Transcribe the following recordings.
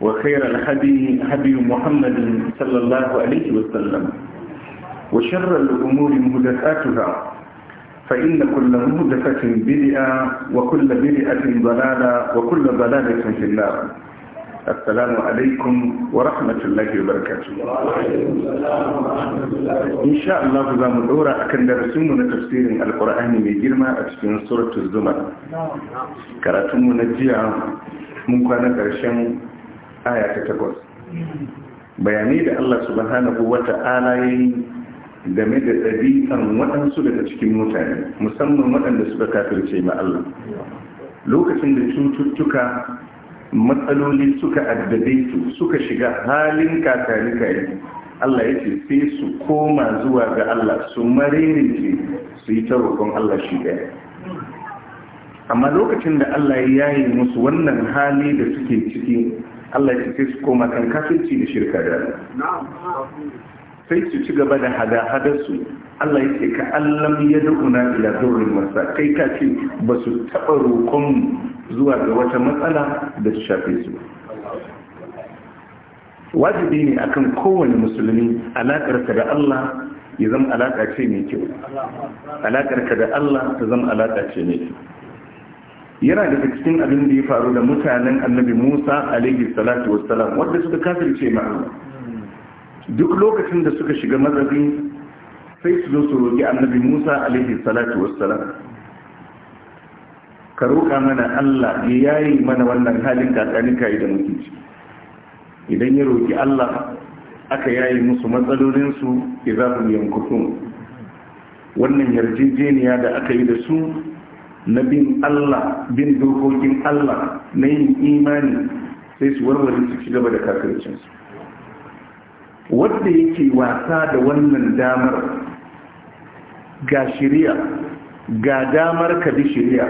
وخير الهدي هدي محمد صلى الله عليه وسلم وشر الأمور مهدفاتها فإن كل مهدفة بدئة وكل بدئة ضلالة وكل ضلالة في النار السلام عليكم ورحمة الله وبركاته إن شاء الله ذا مدورة أكن درسمنا تفسير القرآن من جرمة في سورة الزمر نعم. كراتم نجيا من كان aya ta takwas bayanai da Allah subhanahu wa ta'ala yi game da ɗabi'an waɗansu daga cikin mutane musamman waɗanda suka kafirce ma Allah lokacin da cututtuka matsaloli suka addabe su suka shiga halin yi, Allah ya ce sai su koma zuwa ga Allah su marirince su yi ta Allah shi ɗaya amma lokacin da Allah ya yi musu wannan hali da suke ciki Allah ya ce su koma kan kafirci da shirka da sai su ci gaba da hada-hadarsu Allah ya ce ka allam ya da'una ila dorin masa kai ka ce ba su taɓa roƙon zuwa ga wata matsala da su shafe su wajibi ne akan kowane musulmi alaƙarka da Allah ya zama alaƙa ce mai kyau alaƙarka da Allah ta zama alaƙa ce mai kyau yana da cikin abin da ya faru da mutanen annabi musa alaihi salatu wassalam wadda suka kafirce ma Allah duk lokacin da suka shiga mazabi sai su zo su roƙi annabi musa alaihi salatu wassalam ka roƙa mana Allah ya yayi mana wannan halin kakanika idan muke ci idan ya roƙi Allah aka yayi musu matsalolinsu idan su yankutun wannan yarjejeniya da aka yi da su na bin Allah bin dokokin Allah na yin imani sai su warware su ci gaba da kakaricinsu wadda yake wasa da wannan damar ga shirya ga damar ka bi shirya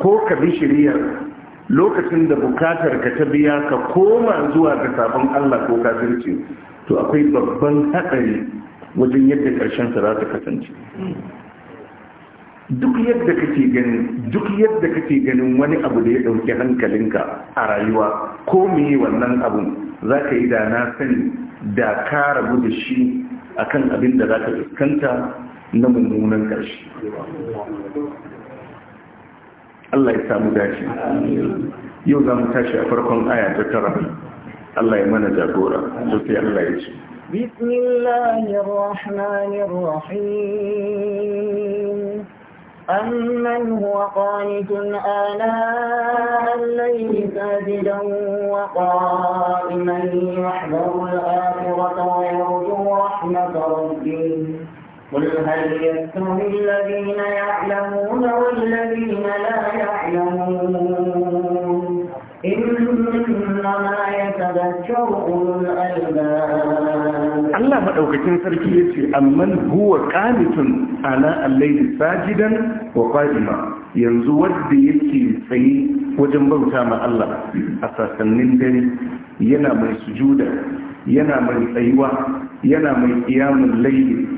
ko ka bi shirya lokacin da bukatar ka ta biya ka koma zuwa ga sabon Allah ko kafirci to akwai babban hatsari wajen yadda ƙarshen sa za ta kasance duk yadda kake ganin duk yadda kake ganin wani abu da ya ɗauki hankalinka a rayuwa ko meye wannan abun za ka yi da na sani da ka rabu da shi akan abin da za ka fuskanta na mummunan ƙarshe Allah ya samu dace yau za mu tashi a farkon aya ta tara Allah ya mana jagora sosai Allah ya ce بسم الله الرحمن الرحيم أمن هو قانت آلاء الليل ساجدا وقائما يحذر الآخرة ويرجو رحمة ربه قل هل يستوي الذين يعلمون والذين لا يعلمون Allah maɗaukakin sarki ya ce, "Amman huwa ƙanitun ana allaili sajidan wa ƙwa'ima, yanzu wadda yake tsaye wajen bauta ma Allah a sassanin dare yana mai sujuda, yana mai tsayuwa, yana mai ƙiyamun laili.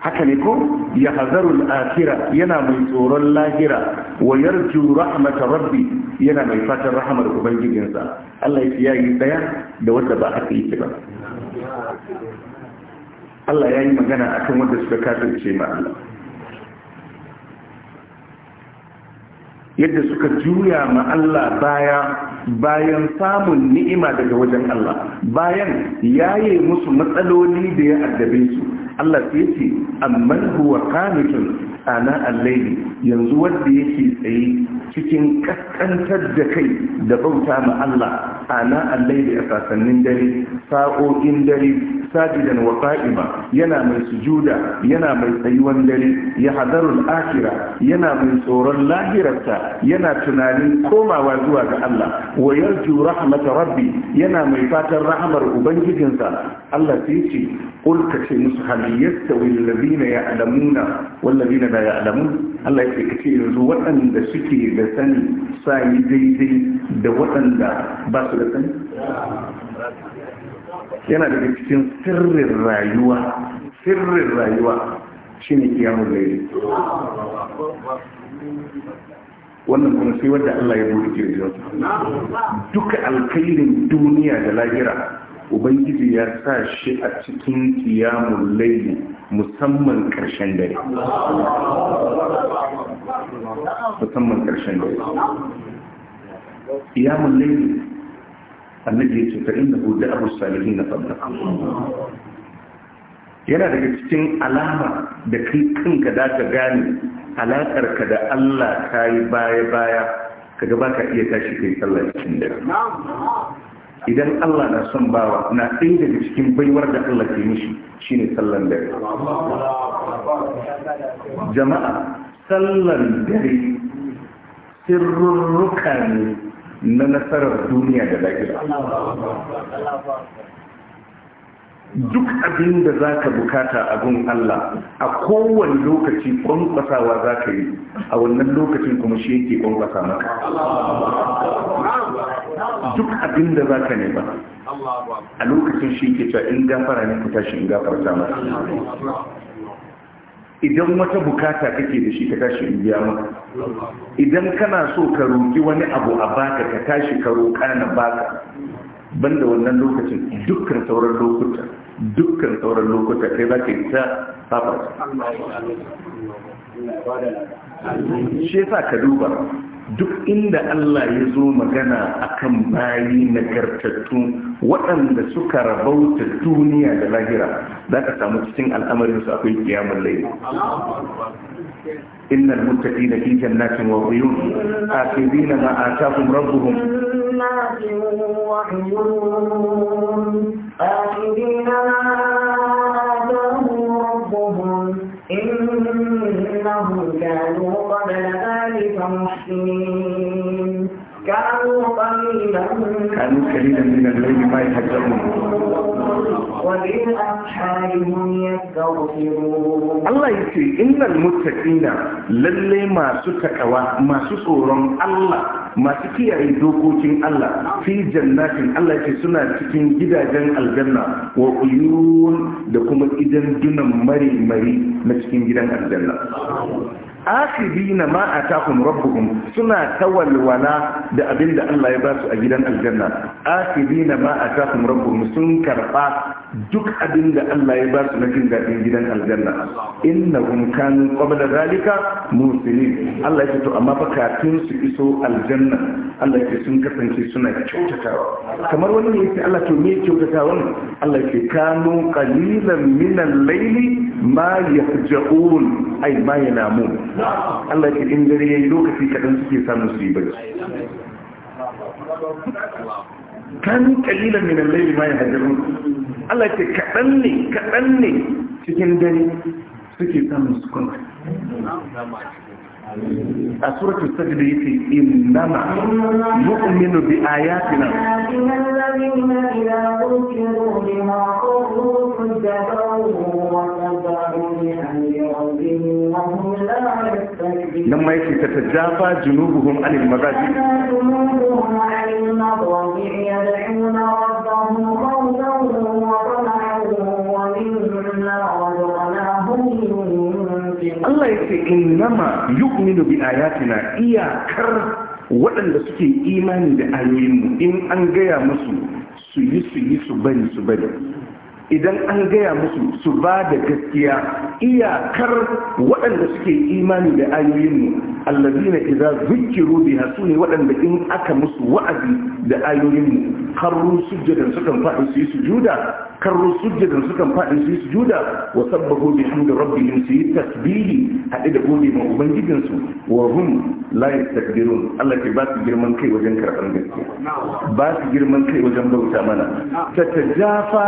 Haka ne ko, ya hazarul akira yana mai tsoron lahira, wa yarju rahmata rabbi yana mai fatan rahamar ubangijinsa Allah ya yi daya da wanda ba aka yi ba Allah ya yi magana akan wanda suka kasance ma Allah yadda suka juya ma Allah baya bayan samun ni'ima daga wajen Allah bayan yaye musu matsaloli da ya addabe su Allah sai ce amman huwa qanitun ana al-layli yanzu wanda yake tsaye cikin kaskantar da kai da bauta ma Allah ana allai da a sasannin dare sa'o'in dare sajidan wa qa'ima yana mai sujuda yana mai tsayuwan dare ya hadarul akhira yana mai tsoron lahirarsa yana tunanin komawa zuwa ga Allah wa yarju rahmat rabbi yana mai fatan rahmar ubangijinsa Allah sai ce qul ka ce musu hal yastawi alladhina ya'lamuna wal ladina la ya'lamun Allah yake kace yanzu waɗanda suke da sani sani daidai da waɗanda ba su da sani yana da cikin sirrin rayuwa sirrin rayuwa shine kiyamun laili wannan kuma sai wadda Allah ya buɗe kirjin duka alkhairin duniya da lahira ubangiji ya sa shi a cikin kiyamun laili musamman ƙarshen dare musamman ƙarshen dare kiyamun laili annabi ya ce fa innahu da abu na qabla yana daga cikin alama da kai kanka da ka gane alakar da Allah kai baya baya kaga baka iya tashi kai sallah cikin dare idan Allah na son bawa na ɗaya daga cikin baiwar da Allah ke mishi shine sallan dare jama'a sallan dare sirrurruka ne na nasarar duniya da lafiya duk abin da za ka bukata a gun Allah a kowane lokaci kwankwasawa za ka yi a wannan lokacin kuma shi yake kwankwasa maka duk abin da za ka nema a lokacin shi yake cewa in gafara ne ku tashi in gafarta maka idan wata bukata kake da shi ka tashi in biya maka idan kana so ka roki wani abu a baka ka tashi ka roka na baka banda wannan lokacin dukkan sauran lokuta dukkan sauran lokuta kai za ka yi ta da shi yasa ka duba duk inda Allah ya zo magana akan bayi nagartattu waɗanda suka rabauta duniya da lahira za ka samu cikin al'amarin su akwai kiyamun laifi fi na في جنات وعيون آخذين ما آتاهم ربهم آخذين ما كانوا قليلا كانوا من الليل ما يهجرون الله يكفي إن المتقين للي ما ستكوا ما سكورون الله ما سكي يدوكو دوكوتين الله في جنات الله يكفي سنة تكين جدا جن الجنة وعيون دكما إذن جنة مري مري نتكين جدا الجنة akhirina ma atahum rabbuhum suna tawalwala da abinda Allah ya ba su a gidan aljanna akhirina ma atahum rabbuhum sun karba duk abinda Allah ya ba su na jin daɗin gidan aljanna Inna innahum kanu qabla zalika muslimin Allah ya to amma fa kafin su iso aljanna Allah ya sun kasance suna kyautatawa kamar wani ne yace Allah to me kyautatawa Allah ya kanu qalilan min al-layli ma yahja'un ay ma yanamun Allah ce in dare yayi lokaci kaɗan suke samu su yi bacci kan kalilan min al-layl ma yahjurun Allah ce kadan ne kadan ne cikin dare suke samun su kwanta a suratul sajda yace innama yu'minu bi ayatina alladhina idza dhukiru bima na ma yake tatajafa junubuhum anil mazaji Allah ya ce innama yu'minu bi ayatina iyakar waɗanda suke imani da ayoyinmu in an gaya musu su yi su yi su bari su bari idan an gaya musu su ba da gaskiya iyakar waɗanda suke imani da ayoyin mu allazina idza zikiru biha sune waɗanda in aka musu wa'azi da ayoyin karru sujjadan sukan faɗi su yi sujuda karru sujjadan sukan faɗi su yi sujuda wa sabbahu bi hamdi rabbihim su yi tasbihi haɗe da gode ma ubangijin su wa hum la yastakbirun Allah ke ba su girman kai wajen karɓar gaske ba su girman kai wajen bauta mana ta tatajafa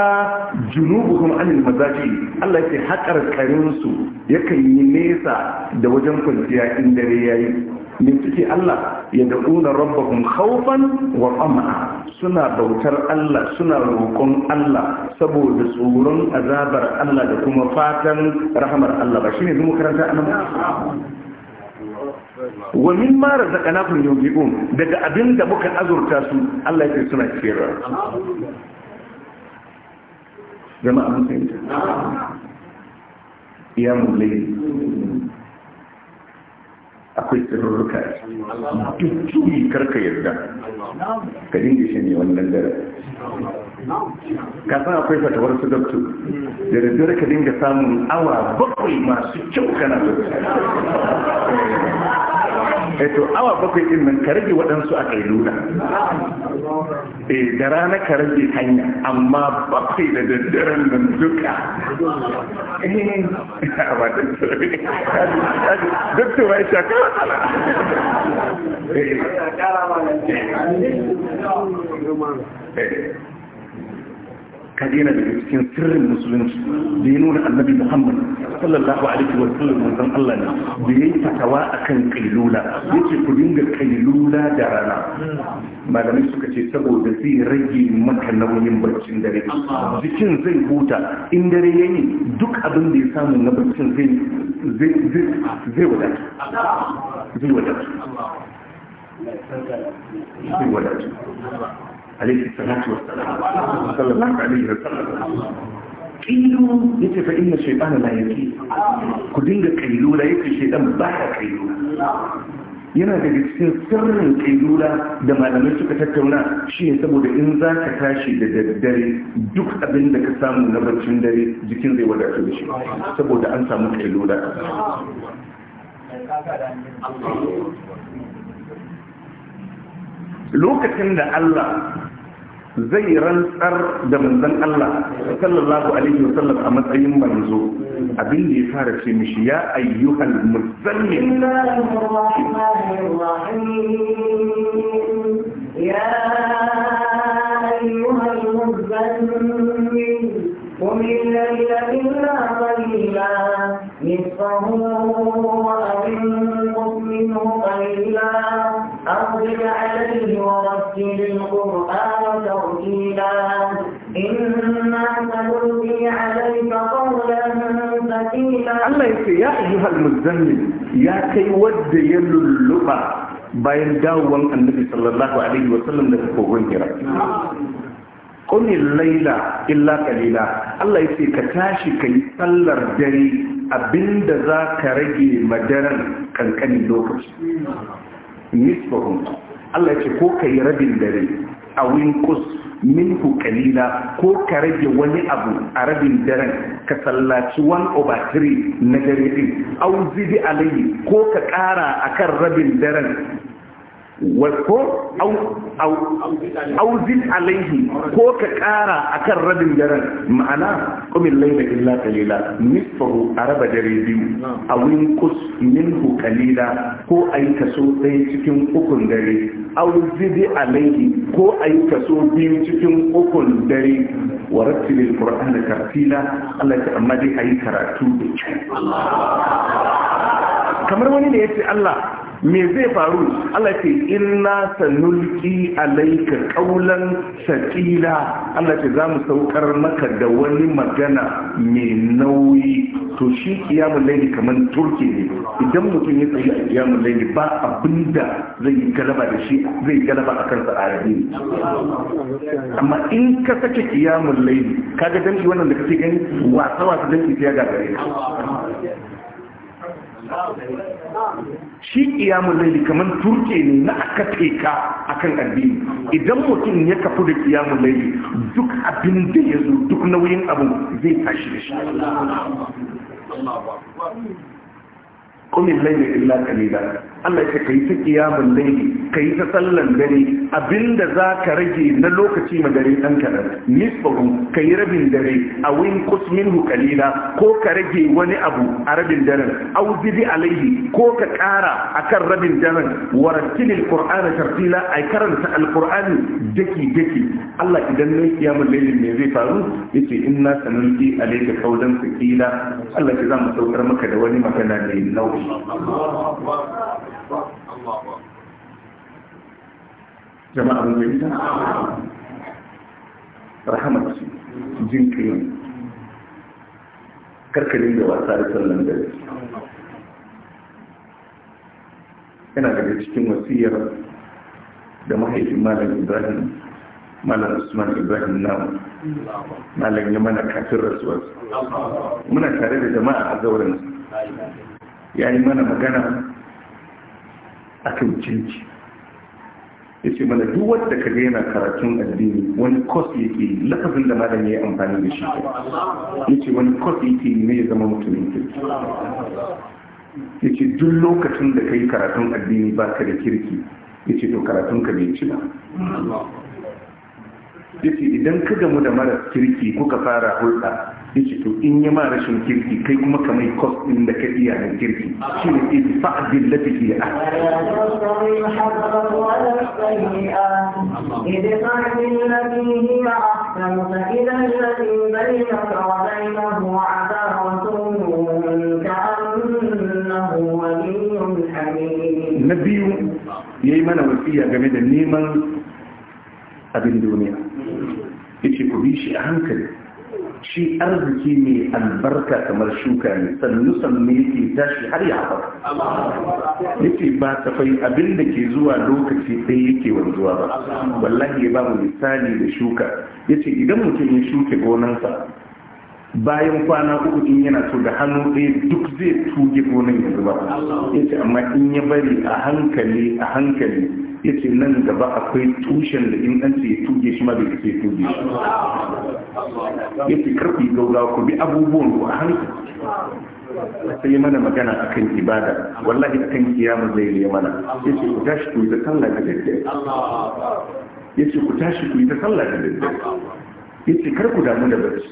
junubuhum anil mazaji Allah ke haƙar karin su yakan yi nesa da wajen kwanciya in dare yayi me Allah ya da'una rabbahum khawfan wa tama'a suna bautar Allah suna roƙon Allah saboda tsoron azabar Allah da kuma fatan rahamar Allah ba shine zuwa karanta annabi wa min ma razaqnakum yunfiqun daga abin da muka azurta su Allah ya ce suna ciyarwa jama'a mun fahimta ya mulai akwai tsirruka duk tuni karka yarda ka dinga shi ne nan dare kasan akwai fatawar su gabtu da daddare ka dinga samun awa bakwai masu kyau kana eto eh awa bakwai din nan karbi rage waɗansu a kai lura eh da rana karbi hanya amma bakwai da daddaren nan duka eh ka daina daga cikin sirrin musulunci da ya nuna annabi muhammad sallallahu alaihi wa sallam manzon Allah ne da yayi fatawa akan kailula yace ku dinga kailula da rana malamai suka ce saboda zai rage maka nauyin barcin dare jikin zai huta in dare yayi duk abin da ya samu na barcin zai zai wadata zai wadata zai wadata alaihi salatu wassalam sallallahu alaihi wasallam kilu yace fa inna shaytana la yaki ku dinga kailula yake shaytan ba ya kailula yana daga cikin sirrin kailula da malamai suka tattauna shi ne saboda in za ka tashi da daddare duk abin da ka samu na barcin dare jikin zai wadatu da shi saboda an samu kailula lokacin da Allah zai rantsar da manzon Allah sallallahu alaihi wa sallam a matsayin manzo abin da ya fara ce mishi ya ayyuhal muzammil ya ayyuhal muzammil قم الليل إلا قليلا نصفه أو انقص منه قليلا أو عليه ورتل القرآن ترتيلا إنا سنلقي عليك قولا يا أيها يا كي ود bayan dawowan annabi sallallahu alaihi wasallam daga kogon kira kuni laila illa kalila Allah ya ka tashi ka yi tsallar dare abinda za ka rage madaran kankanin lokaci misbahun Allah ya ce ko ka yi rabin dare a winkus minhu kalila ko ka rage wani abu a rabin daren ka sallaci 1 over 3 na dare din auzidi alayhi ko ka kara akan rabin daren ko auzin alaihi ko ka kara akan rabin daren ma'ana kumin laila illa kalila nisfahu a raba dare biyu a winkus minhu kalila ko kaso ɗaya cikin ukun dare alaihi ko a kaso biyu cikin ukun dare wa tartila Allah ya amma dai ayi karatu da kamar wani da yace Allah me zai faru Allah ce inna sanulki alayka qawlan sakila Allah ce zamu saukar maka da wani magana mai nauyi to shi kiyamul laili kaman turki ne idan mutum ya tsaya a kiyamul laili ba abinda zai yi galaba da shi zai galaba a kansa a rabi amma in ka sake kiyamul laili kaga danki wannan da kake gani wasa wasa danki ya gagare ka shi kiyamun laili kamar turke ne na aka teka akan addini idan mutum ya kafu da kiyamun laili duk abin da ya zo duk nauyin abu zai tashi da shi Komin laili illa kalila Allah ya kai ta kiyamun laili yi ta sallan dare abinda za ka rage na lokaci ma dare dan kadan nisbahu yi rabin dare a win kusminhu kalila ko ka rage wani abu a rabin daren au bibi alaihi ko ka a akan rabin daren warattilil qur'ana tartila a karanta alqur'ani daki daki Allah idan ne kiyamun laili me zai faru yace inna sanulki alayka qawlan thaqila Allah ya za mu saukar maka da wani magana mai nauyi jama'a mai rahamar su jin kiyon karkarin da wasa da sallan dare yana daga cikin wasiyar da mahaifin malam ibrahim malam usman ibrahim namu malam ya mana kafin rasuwarsa muna tare da jama'a a zauren ya yi mana magana a kan ya ce mana duk wadda ka gaina karatun addini wani kos yake lafazin da malam ya yi amfani da shi ya ce wani kos yake ne ya zama mutumin kirki ya ce duk lokacin da ka yi karatun addini ba ka da kirki ya ce to karatun ka bai ci ba ya ce idan ka gamu da mara kirki kuka fara hulɗa yace to in yi ma rashin kirki kai kuma ka mai kos din da ka iya da kirki shi ne in fa'adin da take a na biyu ya yi mana wasiya game da neman abin duniya ya ce ku bi shi a hankali shi arziki ne, albarka kamar shuka ne sannu sannu yake tashi har ya haɓar yake ba ta fai abin da ke zuwa lokaci ɗaya yake wanzuwa ba wallahi ya ba mu misali da shuka yace idan mutum ya shuke gonansa bayan kwana uku in yana so da hannu ɗaya duk zai tuge gonan ya zuba yace amma in ya bari a hankali a hankali ya ce nan gaba akwai tushen da in an ce ya tuge shi ma bai ce ya tuge shi ya ce karfi gauga ku bi abubuwan ku a hankali sai mana magana akan ibada wallahi akan kiyama zai yi mana ya ce ku tashi ku yi ta sallah da daddare ya ce ku tashi ku yi ta sallah da daddare ya ce kar ku damu da barci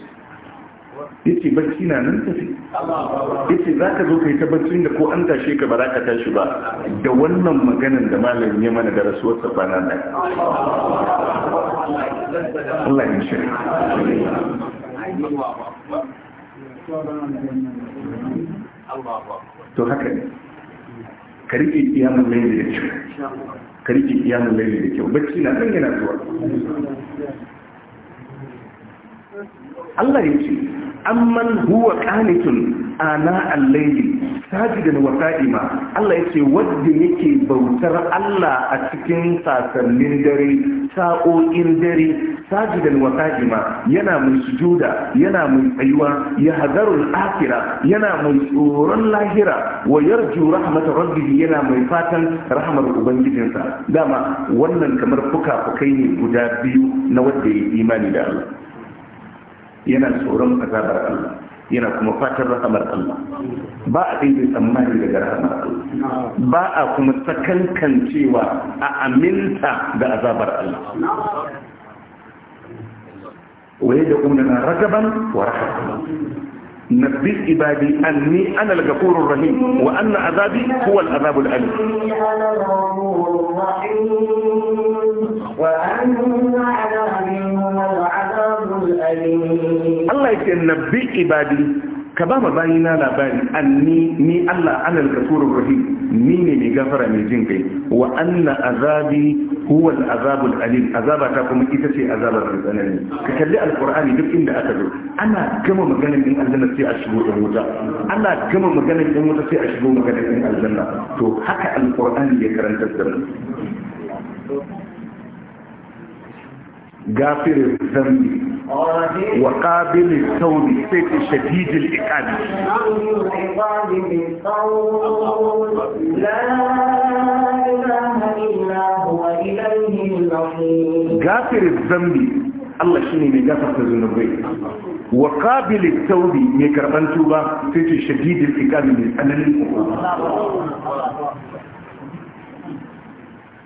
ya ce barci na nan tafi yace za ka zo ka yi tabbacin da ko an tashe ka ba za ka tashi ba da wannan maganan da malamin ya mana da rasuwar sa na nan Allah ya shi to haka ne ka rike iyamun laili da kyau ka rike iyamun laili da kyau bacci na san yana zuwa Allah ya ce amman huwa qanitun ana al-layli sajidan wa qa'ima Allah yace wanda yake bautar Allah a cikin sasannin dare sa'o'in dare sajidan wa qa'ima yana mun sujuda yana mun tsayuwa ya hadarul akhira yana mun tsoron lahira wa yarju rahmat rabbih yana mai fatan rahmar ubangijinsa dama wannan kamar fuka-fukai ne guda biyu na wanda ya imani da Allah yana tsoron azabar Allah yana kuma fatan rahamar Allah ba a daidai tsammani daga rahamar Allah ba a kuma sakankan cewa a aminta da azabar Allah waye da na ragaban wa rahaman نبئ عبادي أني أنا الغفور الرحيم وأن عذابي هو العذاب الأليم Allah yake nabbi ibadi ka ba ma bayina labari anni ni Allah anal ghafurur rahim ni ne mai gafara mai jin kai wa anna azabi huwa al-azabul alim azaba ta kuma ita ce azabar tsanani ka kalli al alqur'ani duk inda aka zo ana gama maganar din aljanna sai a shigo din wuta ana gama maganar din wuta sai a shigo maganar din aljanna to haka al alqur'ani ya karanta da mu غافر الذنب وقابل التوب سيد شديد العقاب لا اله الا هو Allah shine mai gafarta zunubai wa qabil mai karban tuba sai ce shadidul iqab mai tsananin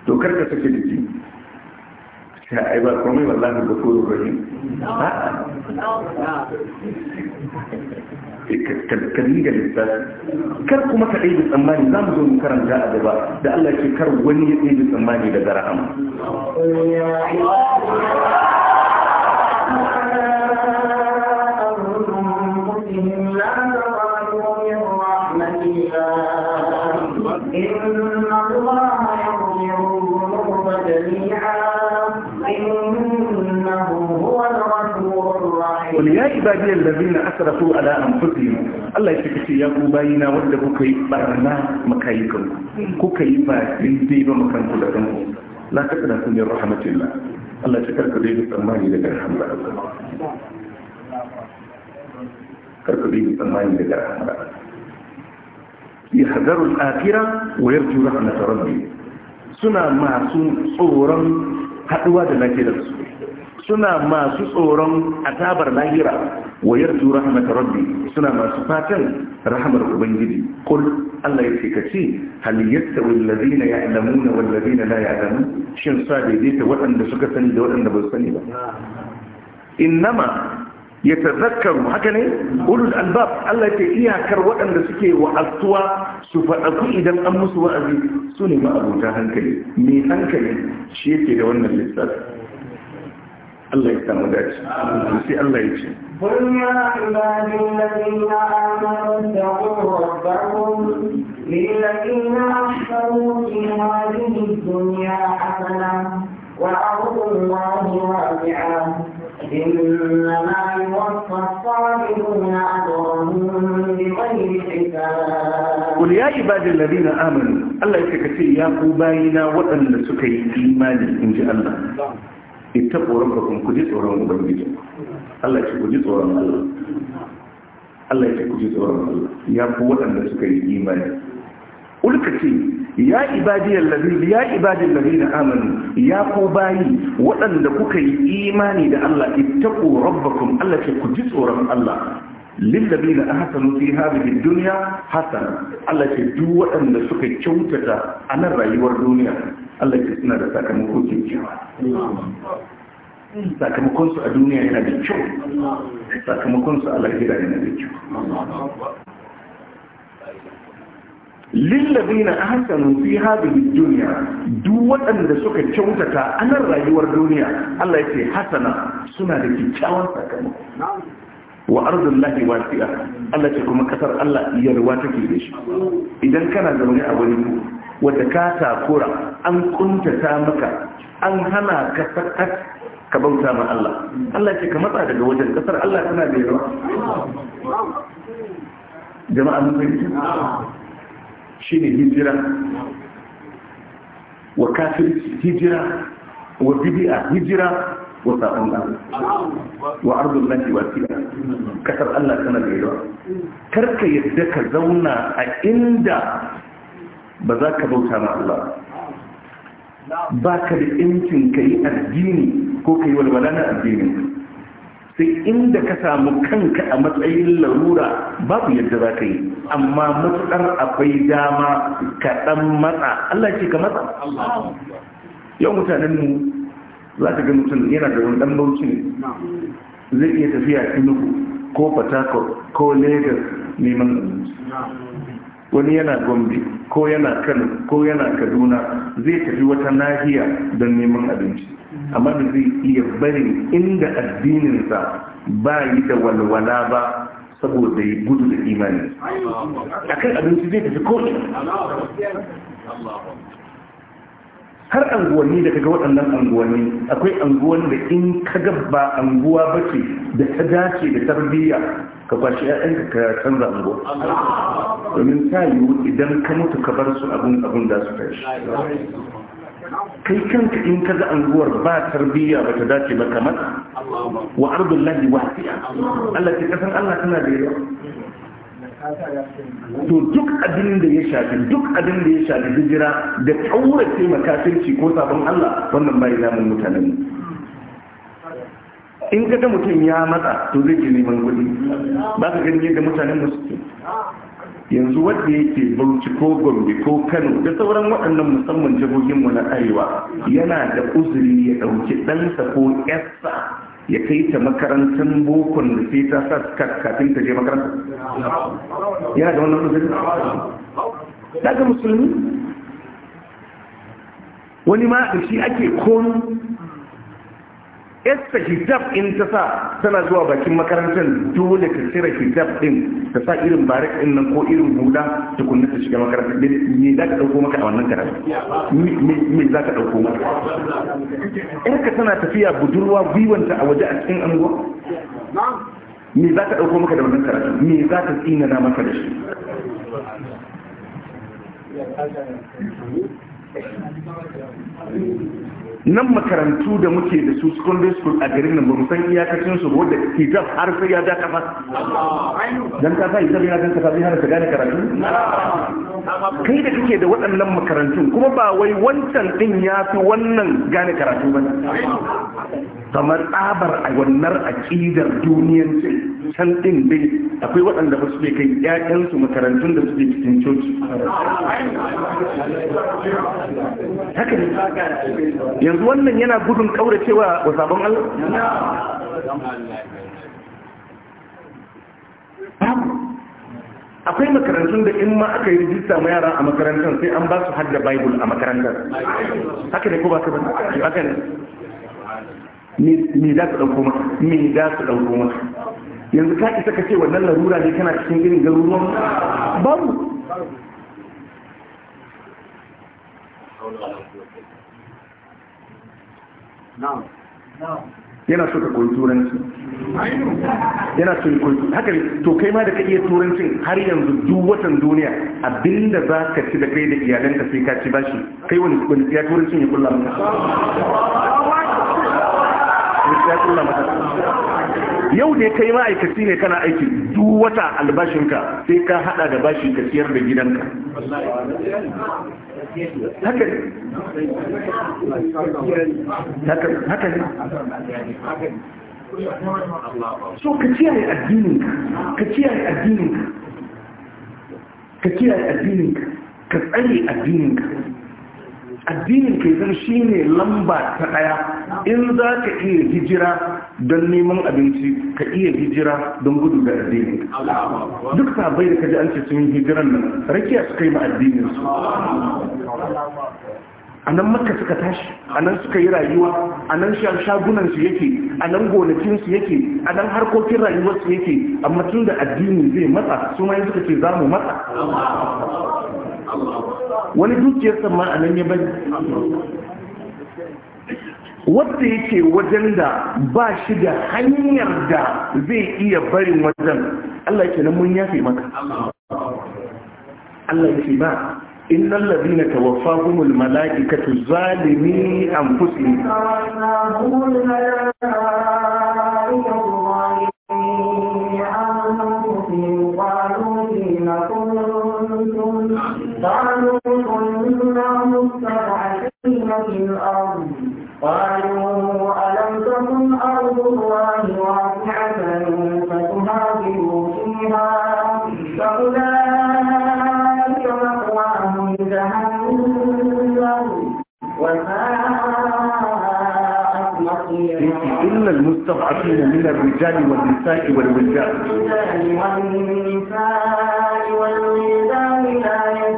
to karka sake da sai ai ba komai wallahi da tsammani za mu zo mu karanta a gaba da Allah ke kar wani ya ɗaiɗi tsammani daga rahama قل يا عبادي الذين أسرفوا على أنفسهم الله يشكي يا قبائنا وده كي برنا مكايكم كي فاسين ديب مكان كل لا تقنطوا من رحمة الله الله الآخرة ويرجو رحمة ربي suna masu tsoron azabar lahira wa yarju rahmat rabbi suna masu fatan rahmar ubangiji kul Allah ya ce kace hal yastawi alladhina ya'lamuna wal ladina la ya'lamun shin sa ta waɗanda suka sani da waɗanda ba su sani ba innama yatazakkaru haka ne ulul albab Allah ya iyakar waɗanda suke wa'azuwa su faɗaku idan an musu wa'azi su ne ma'abuta hankali mai hankali shi yake da wannan lissafi الله يكتم ذلك نسي الله يكتم قل يا عباد الذين آمنوا اتقوا ربكم للذين أحسنوا في هذه الدنيا حسنة وأرض الله واسعة إنما يوفى الصابرون أجرهم بغير حساب قل يا عباد الذين آمنوا الله يكتم يا قبائنا وأن سكي إيمان إن شاء الله ita tsoron ba kuma kuji tsoron ubangiji Allah ce kuji tsoron Allah Allah ce kuji tsoron Allah ya fi waɗanda suka yi imani ulka ce ya ibadi allazi ya ibadi allazi na amanu ya ku bayi waɗanda kuka yi imani da Allah ittaqu rabbakum Allah ce kuji tsoron Allah للذين أحسنوا في هذه الدنيا حسنا ألا تدوى أن نسوك تشوتة أنا رأي والدنيا ألا تسنى لساك مكوز الجوال ساك مكوز الدنيا هنا بيشو ساك مكوز الأخيرة هنا بيشو للذين أحسنوا في هذه الدنيا دوة أن نسوك تشوتة أنا رأي والدنيا ألا يسي حسنا سنى لكي تشوان ساك مكوز wa arzun lahi wasi'a Allah ce kuma kasar Allah yarwa take da shi idan kana zaune a wani ku, wanda ka takura an kuntata maka an hana ka sakat ka bauta ma Allah Allah ce ka matsa daga wajen kasar Allah tana da yarwa jama'a mun fahimta shine hijira wa kafirci hijira wa bid'a hijira وسع الله وعرض الله واسعة كثر ka zauna a inda يدك زونا عند بذاك بوتا مع الله baka da yancin ka yi addini ko ka yi walwala na addinin sai inda ka samu kanka a matsayin larura babu yadda za ka yi amma matsar akwai dama ka dan matsa Allah ce ka matsa mutanenmu za ta ga mutum yana da wani dan ne zai iya tafiya inugu ko fatakor ko lagos neman abinci wani yana gombe ko yana kano ko yana kaduna zai tafi wata nahiya don neman abinci amma da zai iya bari inda addininsa ba yi da walwala ba saboda ya gudu da imani kan abinci zai tafi ko har anguwanni da kaga waɗannan anguwanni akwai anguwan da in ka ba anguwa ba ce da ta dace da tarbiyya ka kwashi ya'yan ka ka canza anguwa domin ta yiwu idan ka mutu ka bar su abun abun da su kai kai kanka in ka ga anguwar ba tarbiyya ba ta dace ba kamar wa ardullahi wasi'a Allah ke kasan Allah tana da yawa to duk abin da ya shafi duk abin da ya shafi hijira da ce makafirci ko sabon Allah wannan bai naman mutanen in ka ga mutum ya matsa to zai je neman kuɗi ba ka gani yadda mutanen mu ke. yanzu wanda yake bauchi ko gombe ko kano da sauran waɗannan musamman jihohinmu na arewa yana da uzuri ya ɗauki ɗansa ko ƴarsa ya kai ta makarantar bokon da sai ta sa kafin ta je makaranta. yana da wannan musulmi daga musulmi wani ma da shi ake konu. esta hijab in ta sa tana zuwa bakin makarantar dole ta tsira hijab din ta sa irin barik din nan ko irin ta kunna ta shiga makarantar din me za ka dauko maka a wannan karatu me za ka dauko maka yarka tana tafiya budurwa gwiwanta a waje a cikin anguwa me za ka dauko maka da wannan karatu me za ka tsinana maka da shi Thank you. nan makarantu da muke da su secondary school a garin nan mun san iyakacin su ba wanda hijab har sai ya ja fa dan ka sa hijab ya kan kafa bi har ka gane karatu kai da kake da waɗannan makarantun kuma ba wai wancan din ya fi wannan gane karatu ba kamar tsabar a wannan aƙidar duniyancin can din dai akwai waɗanda ba su kai ƴaƴansu makarantun da su ne cikin coci yanzu wannan yana gudun ƙauracewa wa sabon Allah akwai makarantun da in ma aka yi rijista ma yara a makarantar sai an ba su hadda bible a makarantar haka ne ko ba ka ba haka ne me za su ɗauko maka me za su ɗauko maka yanzu ka isa ka ce wannan larura ne kana cikin irin garuruwan babu yana so ka koyi turanci yana so ka koyi haka ne to kai ma da ka iya turancin har yanzu duk watan duniya abinda za ka ci da kai da iyalanka sai ka ci bashi kai wani ya turancin ya kulla maka ya mata yau ne kai ma'aikaci ne kana aiki duk wata albashinka sai ka hada da bashi ka siyar da gidanka haka ne so ka kiyaye addininka ka kiyaye addininka ka kiyaye addininka ka tsare addininka addinin kai shine shi lamba ta ɗaya in za ka iya hijira don neman abinci ka iya hijira don gudu da addini duk sabai da ji an ce sun hijiran nan rakiya su kai ma addinin su a nan maka suka tashi a nan suka yi rayuwa a nan shagunansu yake a nan gonakinsu yake a nan harkokin rayuwarsu yake amma tun da addini zai matsa su ma suka ce za mu matsa wani dukiyarsa sama a nan ya bari wadda yake wajen da ba shi da hanyar da zai iya barin wajen Allah ke nan mun yafe maka Allah ke ba innal ladina tawaffahumul malaikatu zalimi anfusihim قالوا كنا مستضعفين في الأرض قالوا ألم أرض الله واسعة فتهاجروا فيها فأولئك مأواهم جهنم وساءت مصيرا إلا المستضعفين من الرجال والنساء والولدان الرجال والنساء والولدان لا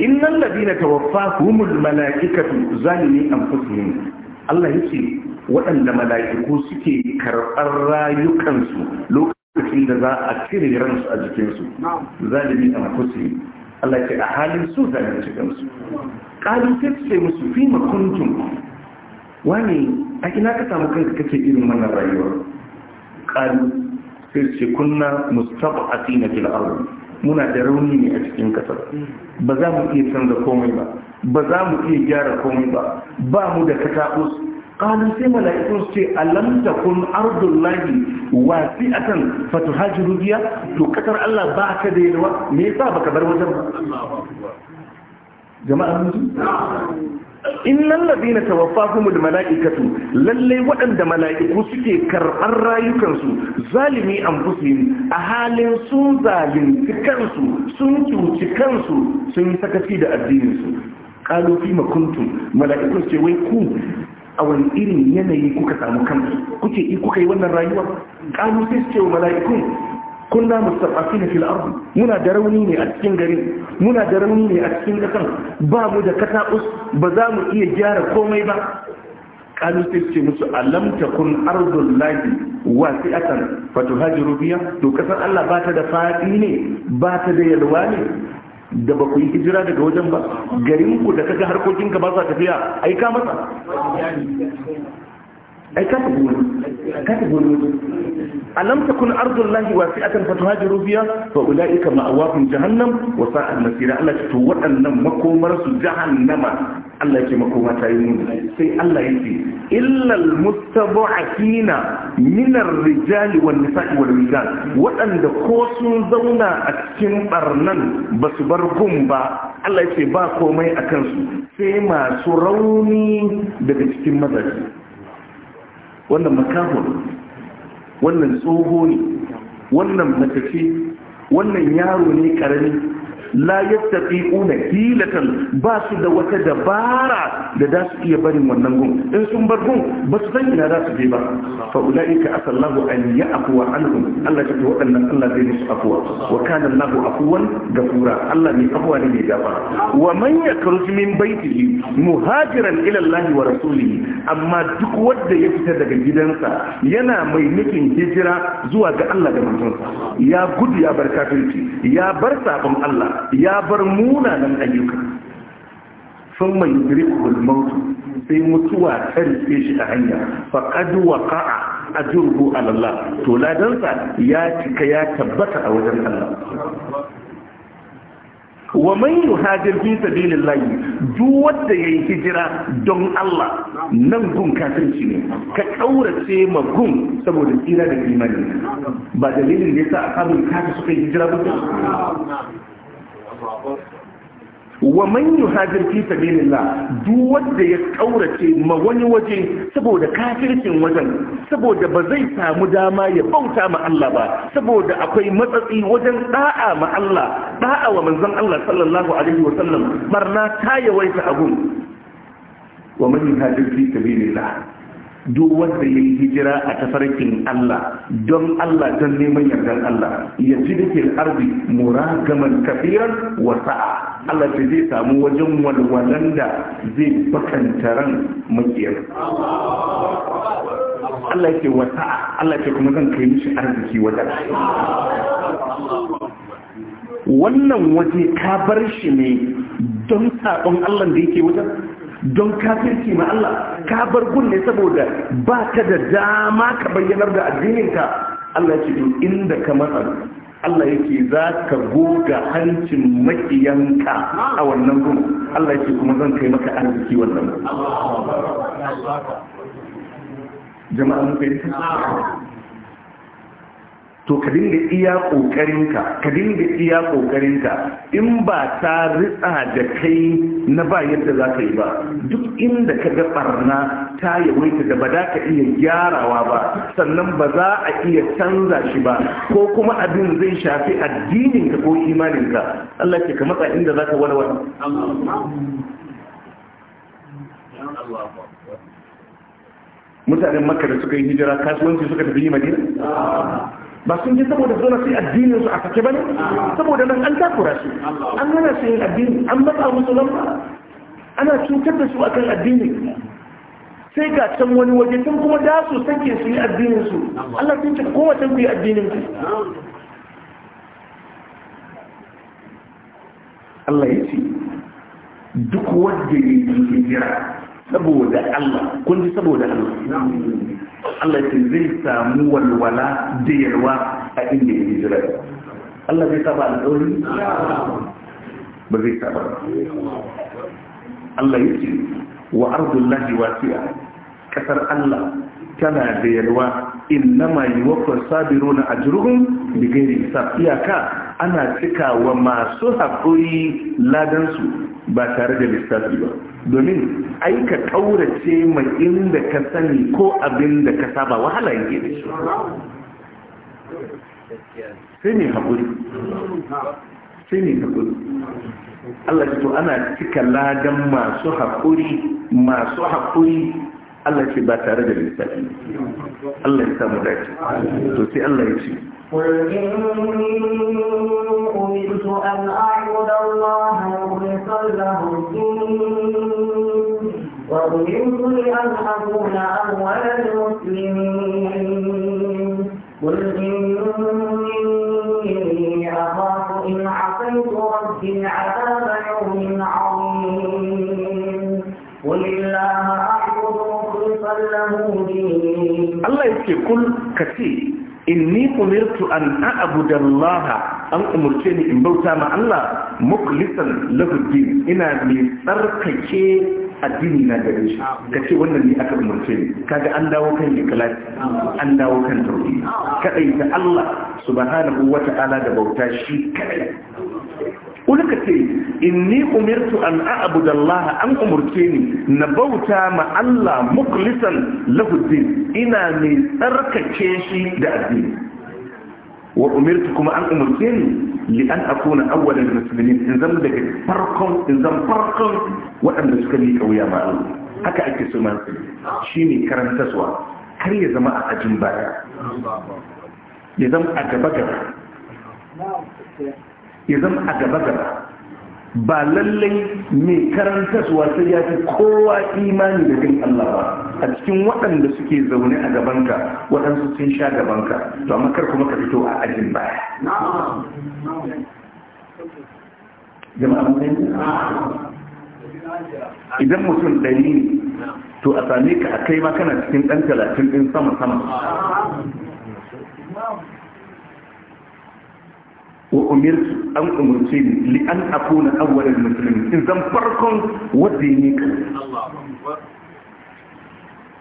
innal ladina tawaffahumul malaikatu zalimi anfusihim Allah ce waɗanda mala'iku suke karɓar rayukansu lokacin da za a cire ransu a jikinsu zalimi anfusihim Allah ce a halin su zalunci kansu qalu ce musu fi kuntum wani a ina ka samu kanka kake irin wannan rayuwar qalu sai ce kunna mustaqatina fil ardh muna da rauni ne a cikin kasar ba za mu iya canza komai ba ba za mu iya gyara komai ba ba mu da takaɓus ƙalin sai mala'ikun su ce alam ta kun ardullahi wasi akan fatu hajiru biya to kasar allah ba ka da yalwa me yasa baka bar wajen ba jama'a mutu innan ladina tawaffahumul mala'ikatu lalle waɗanda mala'iku suke karɓar rayukansu zalimi anfusihim a halin sun zalunci kansu sun cuci kansu sun yi sakaci da addininsu qalu makuntun kuntum mala'ikun ce wai ku a wani irin yanayi kuka samu kansu kuke yi kuka yi wannan rayuwar qalu sai ce wa mala'ikun kunna mustafafina fil ardi muna da rauni ne a cikin garin muna da rauni ne a cikin kasan ba mu da katakus ba za mu iya gyara komai ba kalu sai ce musu alam takun ardul lahi wasi'atan fatuhajiru biha to kasar Allah ba ta da fadi ne ba ta da yalwa ne da ba ku yi hijira daga wajen ba garin ku da kaga harkokin ka ba sa tafiya ai ka masa ai ka tafi wani ka tafi wani waje alam takun ardullahi wasi'atan fatuhajiru biha fa ulaika jahannan? Wasu wa sa'at masira Allah ce to waɗannan makomar su jahannama Allah ce makoma ta yi muni sai Allah ya ce illa almustad'afina min ar-rijali wan nisa'i wal rijal waɗanda ko sun zauna a cikin barnan ba su bar gum ba Allah ya ce ba komai a kansu, sai masu rauni daga cikin mazaje wannan makaho wannan tsoho ne wannan matafi, wannan yaro ne karami la yattaqiuna hilatan ba su da wata dabara da za su iya barin wannan gun in sun bar gun ba su san ina za su je ba fa ulaika asallahu an afuwa anhum Allah ya ce waɗannan Allah zai musu afuwa wa kana Allahu afuwan gafura Allah ne afuwa ne mai gafara wa man yakhruj min baitihi muhajiran ila Allah wa rasulihi amma duk wanda ya fita daga gidansa yana mai nufin hijira zuwa ga Allah da manzonsa ya gudu ya bar kafirci ya bar sabon Allah ya bar munanan ayyuka sun mai yudrikul mautu sai mutuwa ta rike shi a hanya wa ƙa'a ajruhu ala Allah to ladansa ya cika ya tabbata a wajen Allah wa man yuhajir fi sabilillahi duk wanda yayi hijira don Allah nan gun kasance ne ka ƙaurace ma gun saboda tsira da imani ba dalilin da a abin kafi suka hijira ba wa man yuhajir fi sabilillah duk wanda ya kaurace ma wani waje saboda kafircin wajen saboda ba zai samu dama ya bauta ma Allah ba saboda akwai matsatsi wajen da'a ma Allah da'a wa manzon Allah sallallahu alaihi wa sallam barna ta yawaita abun wa man yuhajir fi sabilillah duk wanda ya yi hijira a tafarkin Allah don Allah don neman yardar Allah ya ci da ke arzi muragaman kafiran wasa'a Allah ta zai samu wajen walwalan da zai bakanta ran makiyar Allah ke wasa'a Allah ke kuma zan kai mishi arziki wajen wannan waje ka bar shi ne don saƙon Allah da yake wajen don kafirki ma Allah ka bar gunne saboda ba ka da dama ka bayyanar da addininka Allah ya ce to inda ka matsa Allah yake za ka goga hancin makiyanka a wannan gun Allah yake kuma zan kai maka arziki wannan jama'an kai to ka dinga iya ƙoƙarinka ka dinga iya kokarinka in ba ta ritsa da kai na ba yadda za ka yi ba duk inda ka ga barna ta yawaita da ba za ka iya gyarawa ba sannan ba za a iya canza shi ba ko kuma abin zai shafi addininka ko imaninka Allah ke ka matsa inda za ka wani. mutanen makka da suka yi hijira kasuwanci suka tafi yi madina ba sun ji saboda zo sai addini su a kake bane saboda nan an takura shi an gana su yin addini an matsa musu lamba ana cutar da su akan addini sai ga can wani waje sun kuma da su sake su yi addinin su Allah sun ce kowace ku yi addinin ku Allah ya ce duk wanda ya yi jira. saboda Allah kun ji saboda Allah Allah ce zai samu walwala da yalwa a inda ya hijira Allah zai saba alƙawari ba zai saba Allah yake wa ardullahi wasi'a kasar Allah tana da yalwa innama yuwaffa sabiruna ajruhum bighairi hisab iyaka ana cika wa masu haƙuri ladansu ba tare da lissafi ba domin ai ka kaurace ma inda ka sani ko abin da ka saba wahala yake da shi sai ne haƙuri sai ne haƙuri Allah ce to ana cika ladan masu haƙuri masu haƙuri Allah ce ba tare da lissafi Allah ya samu dace to sai Allah ya ce قل إني أمرت أن أعبد الله مخلصا له الدين وأمرت لأن أكون أول المسلمين قل إني أخاف إن عصيت ربي عذاب يوم عظيم قل الله أعبد مخلصا له دين الله كل كثير inni umirtu an a'budu Allah an umurce ni in bauta ma Allah mukhlisan lahu din ina mai tsarkake addini na gare shi kace wannan ne aka umurce ni kaga an dawo kan ikhlas an dawo kan tauhid kadai da Allah subhanahu wata'ala da bauta shi kadai kuli ka ce inni umirtu an a'budu Allah an umurce ni na bauta ma Allah muklisan lahu din ina mai tsarkake shi da addini wa umirtu kuma an umurce ni li an akuna awwalan muslimin in zan daga farkon in zan farkon waɗanda suka yi kauya ma Allah haka ake so man shine karantaswa kar ya zama a ajin baya ya zama a gaba gaba ya zama a gaba gaba ba lallai mai karantarwa sai ya fi kowa imani da gan Allah ba a cikin waɗanda suke zaune a gabanka waɗansu sun sha gabanka to amma kar kuma ka fito a ajin baya idan mutum ɗari ne to a same ka a kai ma kana cikin ɗan talatin ɗin sama sama wa umirtu an umurce ni li an akuna awwalal muslimin in zan farkon wanda ya mika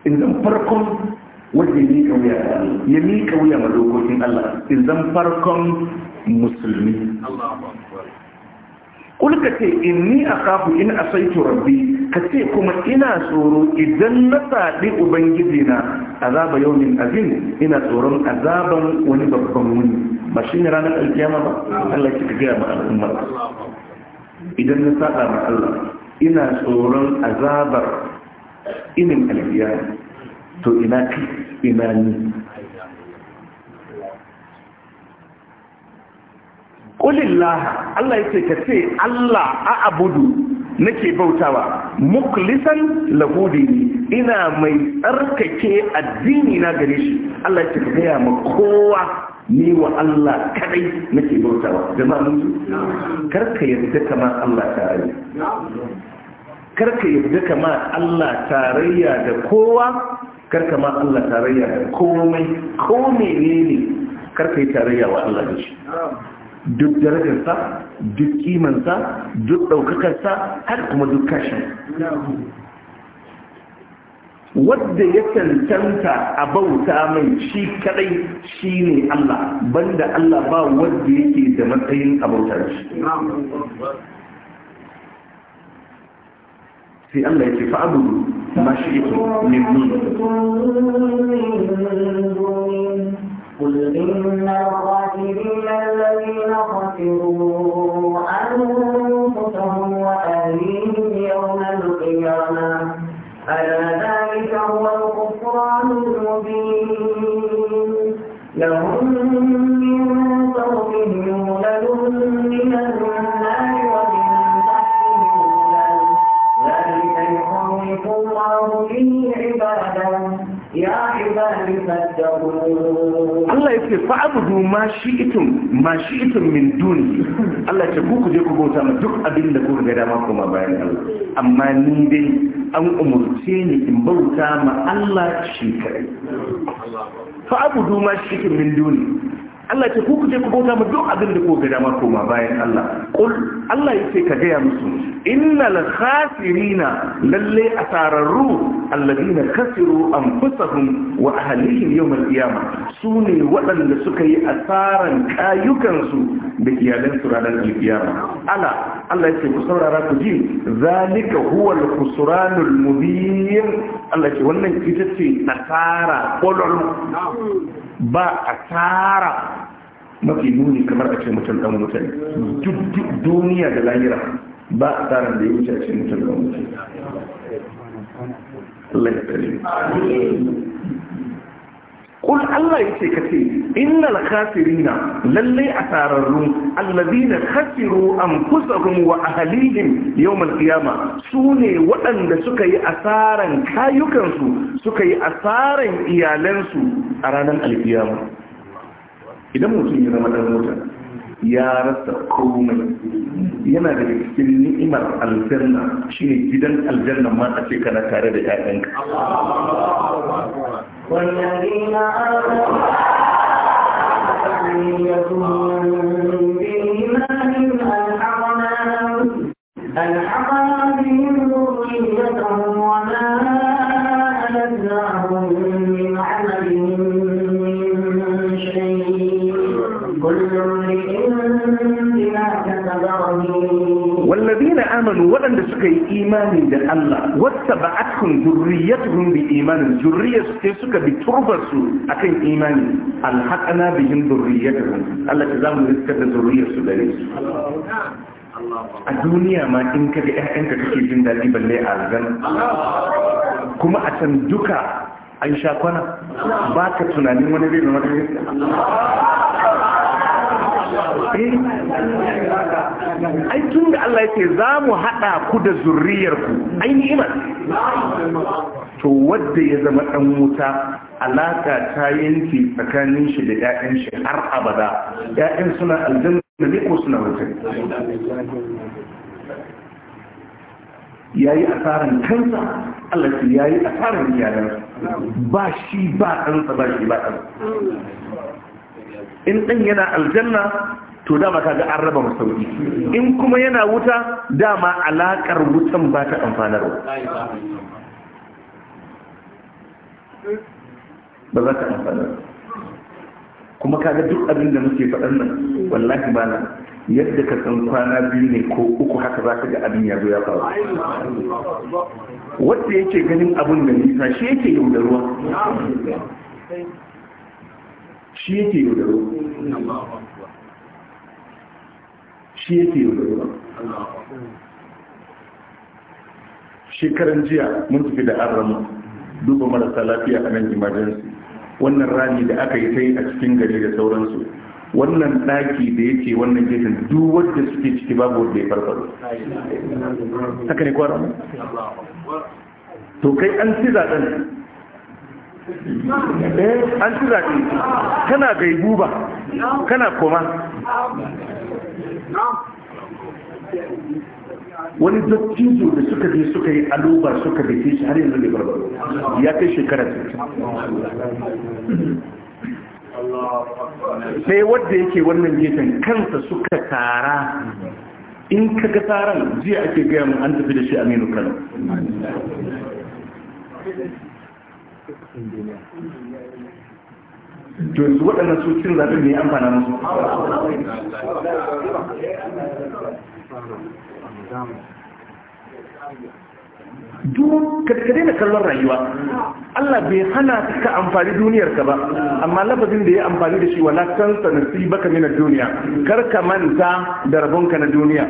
in zan farkon wanda ya mika wuya ya mika wuya ma dokokin Allah in zan farkon musulmi kul ka ce inni akhafu in asaitu rabbi ka ce kuma ina tsoro idan na saɗi ubangiji na azaba yawmin azim ina tsoron azaban wani babban wuni ba shi ne ranar alkiyama ba Allah kika gaya ma al'umma idan na saba ma Allah ina tsoron azabar inin alkiyama to ina ki ina ni kulillah Allah yake ka ce Allah a abudu nake bautawa muklisan lahudi. ina mai tsarkake addini na gare shi Allah yake ka gaya ma kowa ni wa Allah kadai nake bautawa jama'a mun karka yarda kama Allah tarayya karka yarda kama Allah tarayya da kowa karka ma Allah tarayya da komai ko menene karka yi tarayya wa Allah da shi duk darajarsa duk kimanta duk ɗaukakarsa har kuma duk kashin wadda ya cancanta a bauta mai shi kadai shi ne Allah banda Allah ba wadda yake da matsayin a bautar shi sai Allah ya ce fa'adu ma shi ito min nun قل إن الغافلين الذين خسروا أنفسهم وأهليهم يوم القيامة ألا ذلك هو الغفران المبين لهم من فوقهم ظلل من النار ومن تحتهم ذلك يخوف الله به عباده Allah ya ce fa'abudu ma shi itin ma shi itin min duni Allah ya ce ku ku je ku bauta ma duk abin da kuka ga dama ma bayan Allah amma ni dai an umurce ni in bauta ma Allah shi kai fa'abudu ma shi itin min duni Allah ce ku kuje ku bauta mu duk abin da ku ga dama koma bayan Allah kul Allah yake ka gaya musu innal khasirina lalle asararru alladina kasiru anfusahum wa ahlihim yawm al-qiyamah sune waɗanda suka yi asaran kayukansu da iyalan su ranar al-qiyama ala Allah yake ku saurara ku ji zalika huwa al-khusranul mubin Allah ce wannan ita ce asara ba a asara mafi nuni kamar a ce mutum ɗan mutum duk duniya da lahira ba asarar da ya wuce a ce mutum ɗan mutum kul Allah yake kace innal na lalle asararru alladhina an anfusahum wa ahlihim yawm su ne waɗanda suka yi asaran kayukansu suka yi asaran iyalansu a ranar alqiyama idan mutum ya zama ɗan mutane ya rasa komai yana da cikin ni'imar aljanna shi ne gidan aljanna ma a ce kana tare da ƴaƴanka والذين آمنوا بإيمان ألحقنا بهم ذريتهم والذين آمنوا ولن تسكى إيمان دا الله واتبعتهم ذريتهم بإيمان ذرية تسكى بتربس أكين إيمان الحقنا بهم ذريتهم الله تزام نسكى ذرية سدريس a duniya ma in ka ga 'ya'yanka kake jin daɗi balle a aljanna kuma a can duka an sha kwana ba ka tunanin wani zai zama Eh? ai tun da Allah yake za mu haɗa ku da ku ai ni'imar to wadda ya zama ɗan wuta alaka ta yanki tsakanin shi da 'ya'yan shi har abada 'ya'yan suna aljanna ne ko suna wuta ya yi asarar kansa Allah ya yi asarar iyalansa ba shi ba ɗansa ba shi ba ɗansa in ɗin yana aljanna to dama kaga an raba masauki in kuma yana wuta dama alaƙar wutan ba ta amfanarwa ba za ta amfanarwa kuma kaga duk abin da muke faɗan nan wallahi ba na yadda ka san kwana biyu ne ko uku haka za ka ga abin ya zo ya faru wanda yake ganin abin da nisa shi yake ruwa shi yake yaudaro shi yake yaudaro shekaran jiya mun tafi da arama duba marasa lafiya a nan emergency wannan rani da aka yi ta yi a cikin gari da sauransu wannan daki da yake wannan gidan, duk wadda suke ciki babu wadda ya farfaro haka ne kwara to kai an ci zaɗen eh an ci zaɓe kana gaibu ba kana koma wani dattijo da suka je suka yi aluba suka da shi har yanzu da barbaro ya kai shekara sai wadda yake wannan gefen kansa suka tara in ka ga taron jiya ake gaya mu an tafi da shi aminu kano arzikin duniya to waɗannan su cin zaɓen ne amfana musu ka daina kallon rayuwa Allah bai hana ka amfani duniyarka ba amma lafazin da ya amfani da shi wala tansa nasibaka min ad kar ka manta da rabonka na duniya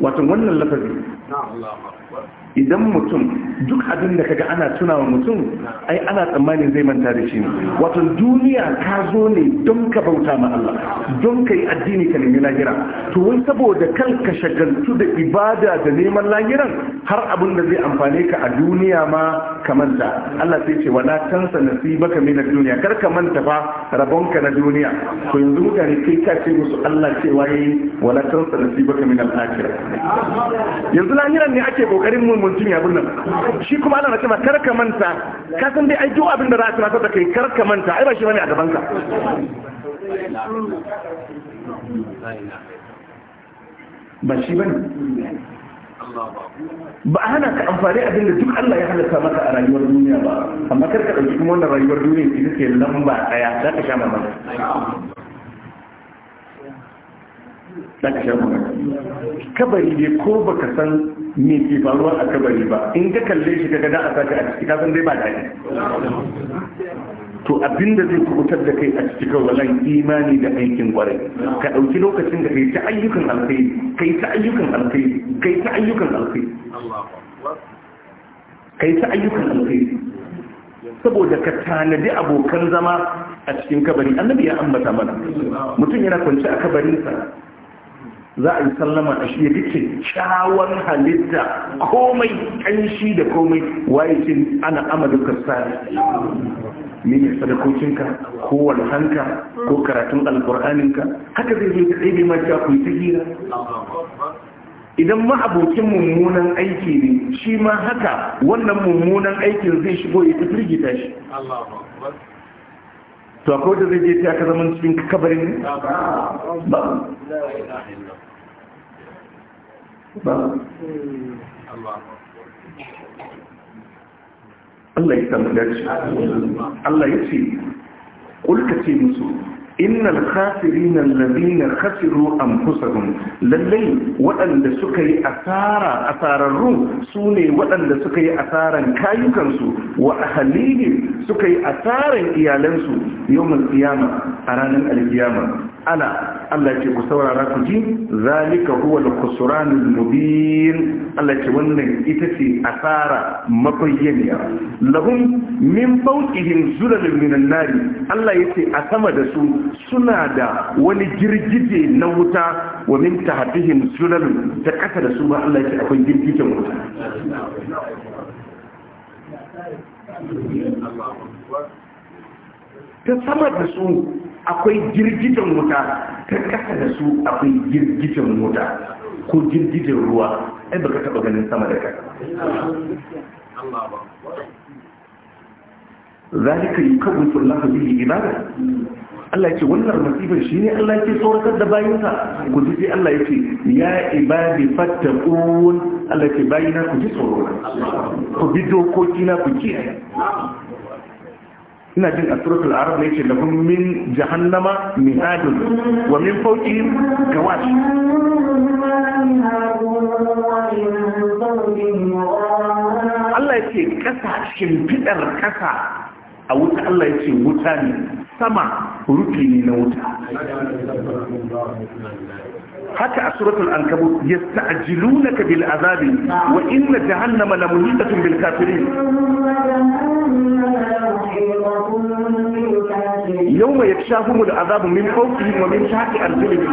wato wannan lafazi na Allah idan mutum duk abin da kaga ana tunawa mutum ai ana tsammanin zai manta da shi ne wato duniya ka zo ne don ka bauta ma Allah don ka yi addini ka nemi lahira to wai saboda kan ka shagaltu da ibada da neman lahiran har abin da zai amfane ka a duniya ma ka manta Allah sai ce wala tansa nasibaka min ad-dunya kar ka manta fa rabonka na duniya Ko yanzu mutane kai ka ce musu Allah ce waye wala tansa nasibaka min al-akhirah yanzu lahiran ne ake kokarin mun mutum ya binne shi kuma Allah na cewa kar ka manta ka san dai ai duk abin da za a tunatar da kai kar ka manta ai ba shi bane a gaban ka ba shi bane ba a hana ka amfani abin da duk Allah ya halatta maka a rayuwar duniya ba amma kar ka dauki kuma wannan rayuwar duniya ki take lamba daya za ka sha mamaki kabari ne ko baka san me ke faruwa a kabari ba in ka kalle shi ka gada a sake a ciki kasan dai ba daɗi to abinda zai kubutar da kai a cikin kawalan imani da aikin kwarai ka ɗauki lokacin da kai ta ayyukan alkhairi kai ta ayyukan alkhairi kai ta ayyukan alkhairi kai ta ayyukan alkhairi saboda ka tanadi abokan zama a cikin kabari annabi ya ambata mana mutum yana kwance a kabarinsa za a yi sallama a shi dukkan shawar halitta komai kanshi da komai waye shi ana amaduka ne mene sadakokinka ko walhanka ko karatun alkur'aninka haka zai zo ta ɗaiɗe ma ta ku ta hira idan ma abokin mummunan aiki ne shi ma haka wannan mummunan aikin zai shigo ya ta firgita shi to akwai da zai je ta ka zaman cikin kabarin ba Allah ya samu dace Allah ya ce kulka ce musu innal na alladhina khasiru anfusahum lallai waɗanda suka yi asara asararru sune waɗanda suka yi asaran kayukansu wa ahlihim suka yi asaran iyalansu yawmal qiyama a ranar alkiyama ala Allah ce ku saurara ku ji zalika huwa al-khusranul mubin Allah ce wannan ita ce asara mabayyaniya lahum min fawqihim zulalun minan nari Allah yace a sama da su suna da wani girgije na wuta wa min tahtihim sunan ta kasa da su ba Allah ke akwai girgijen wuta ta sama da su akwai girgijen wuta ta kasa da su akwai girgijen wuta ko girgijen ruwa ai ka taba ganin sama da ka. ذلك يكوف الله به عباده Allah yake wannan masifar shi ne Allah yake tsoratar da bayinsa ku ji Allah yake ya ibadi fattaqun Allah yake bayina ku ji tsoro ku bi dokoki na ku kiyaye ina jin asuratul arab ne yake lahum min jahannama mihadun wa min fawqihim gawash Allah yake kasa cikin fidar kasa a wuta Allah yake wuta ne sama rukuni na wuta haka a suratul ankabut yasta'jilunaka bil azabi wa inna jahannama la muhitatun bil kafirin yawma yakshafumul azabu min fawqihim wa min tahti arjulihim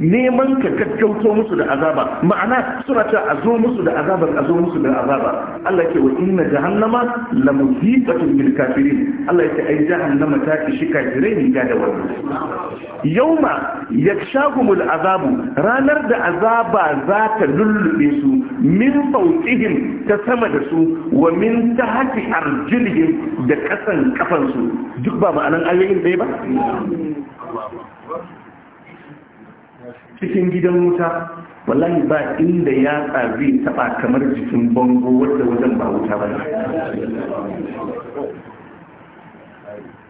neman ka kakkauto musu da azaba ma'ana suna ta a zo musu da azaba a zo musu da azaba Allah ke wa inna jahannama la muhiqatun bil kafirin Allah ke ai jahannama ta ishi kafirai ne ga da wannan yauma yakshahumul azabu ranar da azaba za ta lullube su min fawqihim ta sama da su wa min tahti arjulihim da kasan kafansu duk ba ma'anan ayoyin ɗaya ba cikin gidan wuta wallahi ba inda ya tsari taba kamar jikin bango wadda wajen ba wuta ba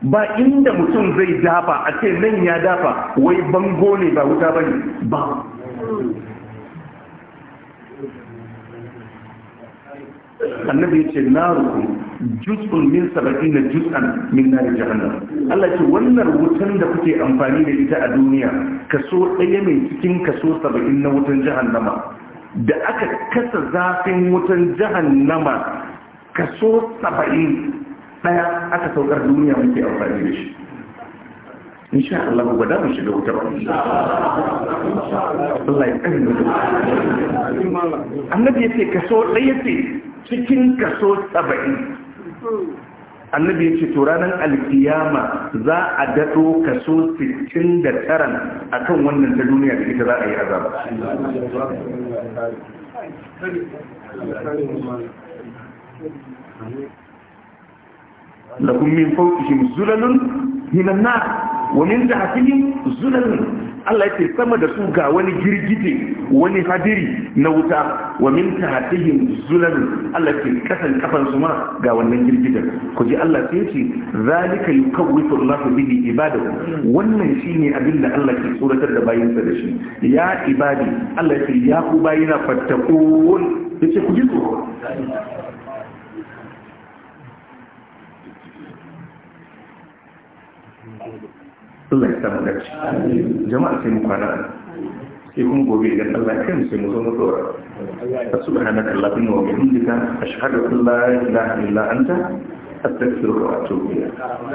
ba inda mutum zai dafa a ce nan ya dafa wai bango ne ba wuta ba ne ba annabi ya ce naru juz'un min sab'ina juz'an min nar jahannam Allah ce wannan wutan da kuke amfani da ita a duniya kaso ɗaya mai cikin kaso 70 na wutan jahannama da aka kasa zafin wutan jahannama kaso saba'in ɗaya aka saukar duniya muke amfani da shi in sha Allah ba da mu shiga wutar Allah ya tsare mu annabi ce kaso ɗaya ce cikin kaso 70 annabi ya to ranan alkiyama za a dado kaso 69 akan wannan ta duniya da ita za a yi azaba lakum min fawqihim zulalun minan nar wa min tahtihim zulalun Allah yake sama da su ga wani girgije wani hadiri na wuta wa min tahtihim zulal Allah yake kasan kafan su ma ga wannan girgijen ku ji Allah sai ce zalika yukawwitu Allahu bihi ibadahu wannan shine abin da Allah ke tsoratar da bayinsa da shi ya ibadi Allah yake ya ku bayina fattaqun yace ku ji tsoro Allah ya samu dace jama'a sai mu fara sai kuma gobe idan Allah ya kai mu sai mu zo mu dora subhanaka allahumma wa bihamdika ashhadu an la ilaha illa anta astaghfiruka wa atubu ilayk